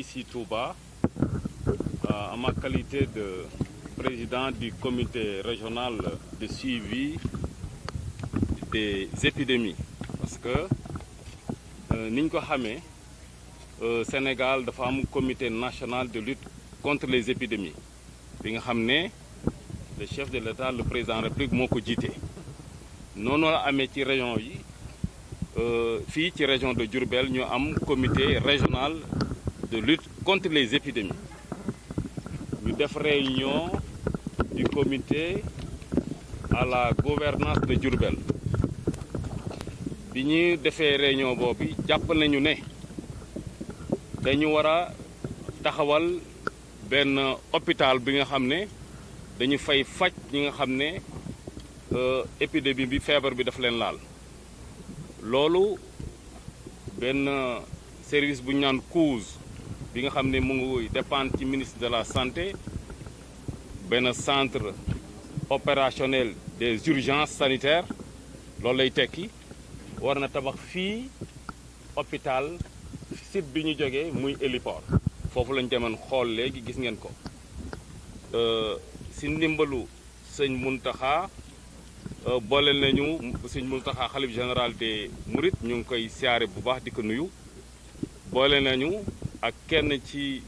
ici Touba euh, am ak qualité de président du comité régional de suivi des épidémies parce que euh, ni ñu ko xamee euh, Sénégal dafa am comité national de lutte contre les épidémies bi nga xam ne le chef de l'État le président république moo ko jiite noonu la amee ci région yi fii ci région de Diourbel ñu am comité régional de lutte contre les épidémies ñu def réunion du comité à la gouvernance de Diourbel bi ñuy defee réunion boobu jàpp nañu ne dañu war a taxawal benn hôpital bi nga xam ne dañu fay faj ñi nga xam ne euh, épidémie bi feebar bi daf leen laal loolu benn service bu ñaan naan bi nga xam ne mu ngi dépendre ci ministre de la santé benn centre opérationnel des urgences sanitaires loolu lay tekki war na tabax fii hôpital site bi ñu jógee muy héliport foofu lañ demoon xool léegi gis ngeen ko euh, si ndimbalu sëñ Muntaxa euh, boole nañu sëñ Muntaxa xalif général des Mourides ñu ngi koy siyaare bu baax di ko nuyu boole nañu ak kenn ci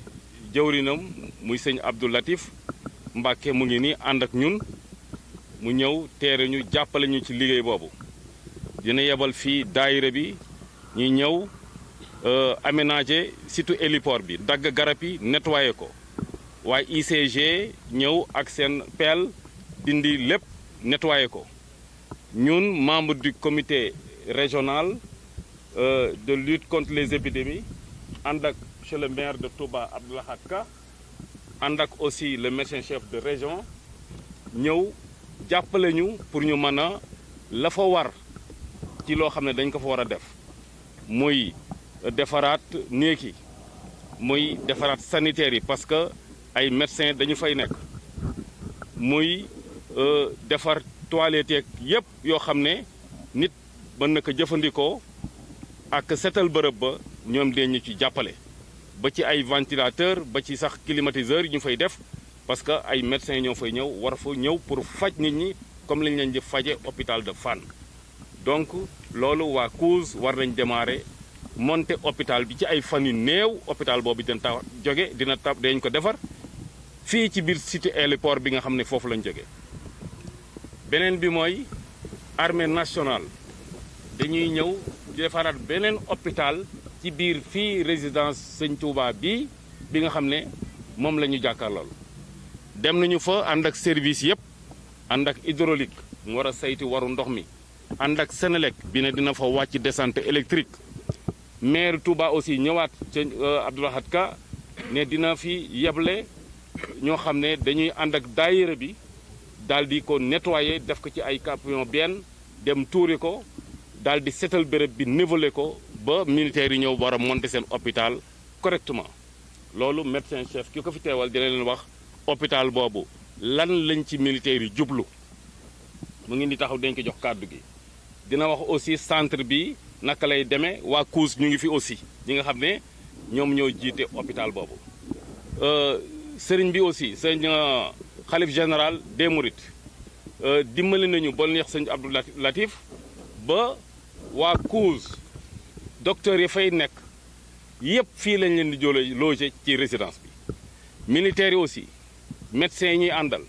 jëwrinam muy sëñ Abdou Latif Mbàkke mu ngi nii ànd ak ñun mu ñëw teere ñu jàppale ñu ci liggéey boobu dina yebal fii daayira bi ñu ñëw euh, aménager surtout héliport bi dagg garab yi nettoyé ko waaye ICG ñëw ak seen peel dindi lépp nettoyé ko ñun membre du comité régional euh, de lutte contre les épidémies ànd ak monsieur le maire de Touba Abdou Lahad Ka ànd ak aussi le médecin chef de région ñëw jàppale ñu pour ñu mën a la fa war ci loo xam ne dañ ko fa war a def muy defaraat néeg muy defaraat sanitaire yi parce que ay médecins dañu fay nekk muy euh, defar toilette yeeg yépp yoo xam ne nit mën na ko jëfandikoo ak setal bërëb ba ñoom dee ñu ci jàppale ba ci ay ventilateur ba ci sax yi ñu fay def parce que ay médecins ñoo fay ñëw war fa ñëw pour faj nit ñi comme lañ leen di faje hôpital de Fann donc loolu waa cause war nañ démarrer monter hôpital bi ci ay fan néew hôpital boobu dina ta jóge dina ta dañ ko defar fii ci biir cité aéroport bi nga xam ne foofu lañ joge beneen bi mooy armée nationale dañuy ñëw defaraat beneen hôpital ci biir fii résidence sëñ Touba bi bi nga xam ne moom la ñu jàkkaarlool dem nañu fa ànd ak service yëpp ànd ak hydraulique mu war a saytu waru ndox mi ànd ak senelek bi ne dina fa wàcc descente électrique maire Touba aussi ñëwaat ca euh, Abdoulahat Ka ne dina fi yeble ñoo xam ne dañuy ànd ak daayira bi daal di ko nettoyer def ko ci ay camion benn dem tuuri ko daal di setal béréb bi niveler ko ba militaires yi ñëw war a monter seen hôpital correctement loolu médecin chef ki ko fi teewal dina leen wax hôpital boobu lan lañ ci militaires yi jublu mu ngi ni taxaw dañ ko jox kàddu gi dina wax aussi centre bi naka lay demee waa COUS ñu ngi fi aussi ñi nga xam ne ñoom ñoo jiite hôpital boobu euh, sëriñ bi aussi sëñ euh, xalif général des Mourides euh, dimbali nañu ba neex sëñ Abdou Latif ba waa COUS docteur yi fay nekk yëpp fii lañ leen di jëlee loger ci résidence bi militaires yi aussi médecins yi ñuy àndal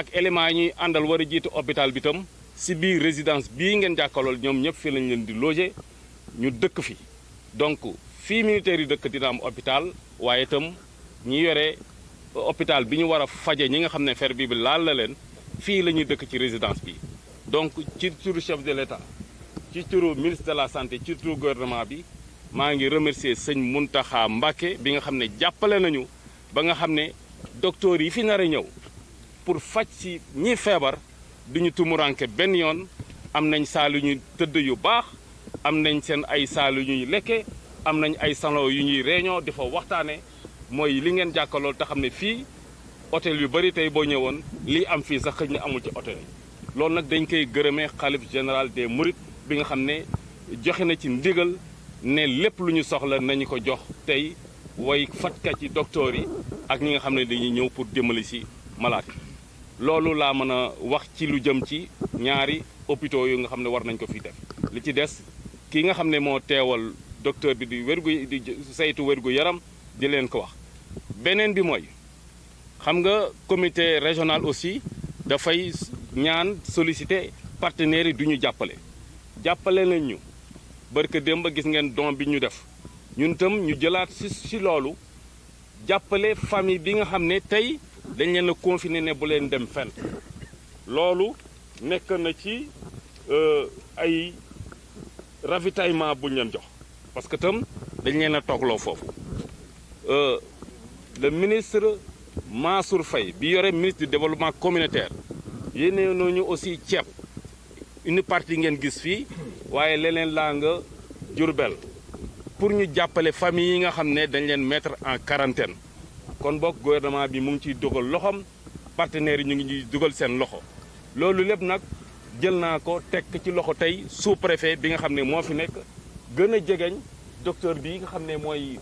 ak éléments yi ñuy àndal war a jiite hôpital bi tam si biir résidence bii ngeen jàkkalool ñoom ñëpp fii lañ leen di loger ñu dëkk fi donc fii militaires yi dëkk dina am waaye itam ñi yore hôpital bi ñu war a faje ñi nga xam ne fer bi bi laal la leen fii la ñuy dëkk ci résidence bi donc ci turu chef de l'État ci turu ministre de la santé ci turu gouvernement bi maa ngi remercier sëñ Muntaxa Mbàkke bi nga xam ne jàppale nañu ba nga xam ne docteur yi fi nar a ñëw pour faj si ñi feebar duñu tumuranke benn yoon am nañ saal yu ñuy tëdd yu baax am nañ seen ay saal yu ñuy lekke am nañ ay salon yu ñuy réunion di fa waxtaane mooy li ngeen jàkkalool te xam ne fii hôtel yu bari tey boo ñëwoon lii am fii sax xëj na amul ci hôtel yi loolu nag dañ koy gërëmee xalif général des mourides bi nga xam ne joxe na ci ndigal ne lépp lu ñu soxla nañu ko jox tey woy fajkat yi docteur yi ak ñi nga xam ne dañuy ñëw pour dimbali si malade loolu laa mën a wax ci lu jëm ci ñaari hôpitaux yu nga xam ne war nañ ko fii def li ci des kii nga xam ne moo teewal docteur bi di wérgu di saytu wérgu yaram di leen ko wax beneen bi mooy xam nga comité régional aussi dafay ñaan solliciter partenaires yi du ñu jàppale jàppale nañ ñu barke démb gis ngeen don bi ñu def ñun tam ñu jëlaat si si loolu jàppale famille bi nga xam ne tey dañ leen a confiné ne bu leen dem fen loolu nekk na ci euh, ay ravitaillement buñ leen jox parce que tam dañ leen a toogloo foofu euh, le ministre Mansour Faye bi yore ministre du développement communautaire yéene aussi ceeb une partie ngeen gis fii waaye leneen laa nga Jurbel pour ñu jàppale famille yi nga xam ne dañ leen mettre en quarantaine kon boog gouvernement bi mu ngi ciy dugal loxoom partenaires yi ñu ngi ñuy dugal seen loxo loolu lépp nag jël naa ko tekk ci loxo tey sous bi nga xam ne moo fi nekk gën a jegeñ docteur bi nga xam ne mooy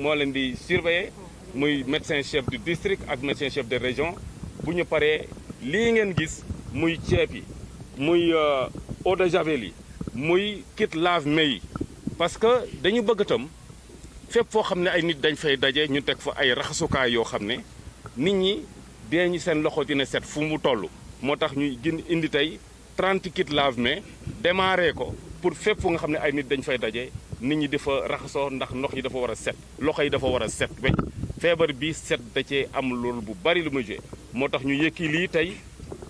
moo leen di surveiller muy médecin chef du district ak médecin chef de région bu ñu paree lii ngeen gis muy ceeb yi muy euh, eau de javel yi muy kit lave-mains yi parce que dañu bëgg itam fépp foo xam ne ay nit dañ fay daje ñu teg fa ay raxasukaay yoo xam ne nit ñi dee ñu seen loxo dina set fu mu toll moo tax ñuy gën indi tey 30 kit lave-mains démarré ko pour fep fu nga xam ne ay nit dañ fay daje nit ñi dafa raxasoo ndax ndox yi dafa war a set loxo yi dafa war a set wecc feebar bi set da cee am loolu bu bari lu muy jee moo tax ñu yëkki lii tey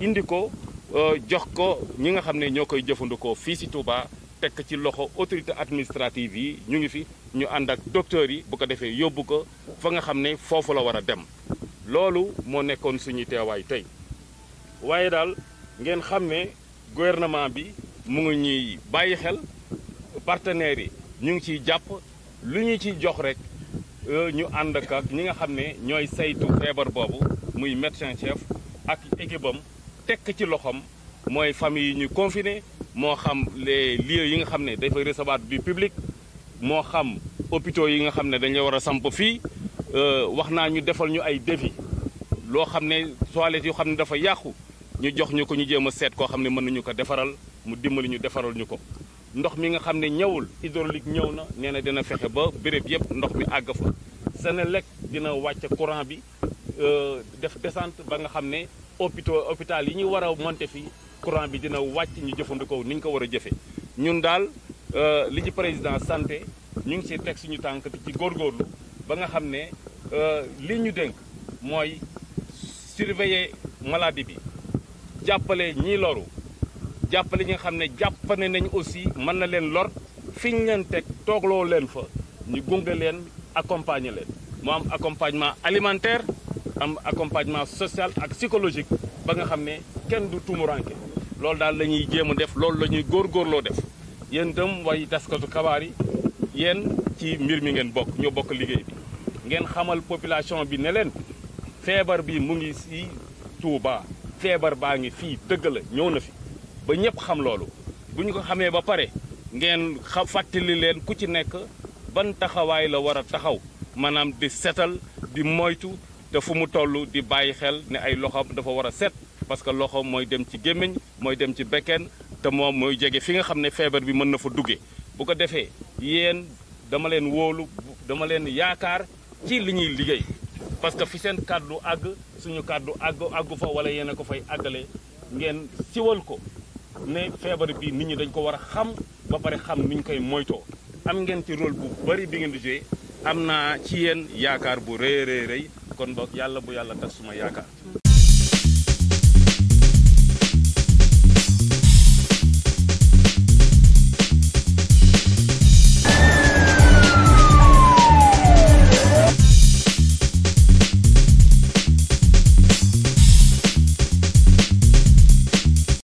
indi ko Euh, jox ko ñi nga xam ne ñoo koy jëfandikoo fii si Touba tekk ci loxo autorité administrative yi ñu ngi fi ñu ànd ak docteurs yi bu ko defee yóbbu ko fa nga xam ne foofu la war a dem loolu moo nekkoon suñu teewaay tey waaye daal ngeen xam ne gouvernement bi mu ngi ñuy bàyyi xel partenaires yi ñu ngi ciy jàpp lu ñu ciy jox rek euh, ñu ànd ak ñi nga xam ne ñooy saytu feebar boobu muy médecin chef ak équipe tekk ci loxoom mooy famille yi ñu confiné moo xam les lieux yi nga xam ne dafay recevoir bi public moo xam hôpitaux yi nga xam ne dañu war a samp fii euh, wax naa ñu defal ñu ay devis loo xam ne toilettes yoo xam ne dafa yàqu ñu jox ñu ko ñu jéem a seet koo xam ne mën nañu ko defaral mu dimbali ñu defaral ñu ko ndox mi nga xam ne ñëwul hydraulique ñëw na nee na dina fexe ba béréb yëpp ndox mi àgg fa Senelec dina wàcc courant bi euh, def descente ba nga xam ne hôpitaux hôpital yi ñu war a monter fii courant bi dina wàcc ñu jëfandikoo ni ñu ko war a jëfee ñun daal euh, li ci président santé ñu ngi siy teg suñu tànk ci góorgóorlu ba nga xam ne euh, li ñu dénk mooy surveiller maladie bi jàppale ñii loru jàppale ñi xam ne jàppane nañ aussi mën na leen lor fi ñu leen teg toogloo leen fa ñu gunge leen accompagner leen mu alimentaire am accompagnement social ak psychologique ba nga xam ne kenn du tumuranke loolu daal la ñuy jéem a def loolu la ñuy góorloo def yéen itam way taskatu xabaar yi yéen ci mbir mi ngeen bokk ñoo bokk liggéey bi ngeen xamal population bi ne leen feebar bi mu ngi si Touba feebar baa ngi fii dëgg la ñëw na fi ba ñëpp xam loolu bu ñu ko xamee ba pare ngeen xa fàttali leen ku ci nekk ban taxawaay la war a taxaw maanaam di setal di moytu te fu mu toll di bàyyi xel ne ay loxoom dafa war a set parce que loxo mooy dem ci gémmiñ mooy dem ci bekken te moom mooy jege fi nga xam ne feebar bi mën na fa duggee bu ko defee yéen dama leen wóolu dama leen yaakaar ci li ñuy liggéey parce que fi seen kàddu àgg suñu kàddu àgg àggu fa wala yéen a ko fay àggale ngeen siwal ko ne feebar bi nit ñi dañ ko war a xam ba pare xam ni koy moytoo am ngeen ci rôle bu bari bi ngeen di joué am naa ci yéen yaakaar bu rëy rëy kon boog yàlla bu yàlla tas suma yaakaar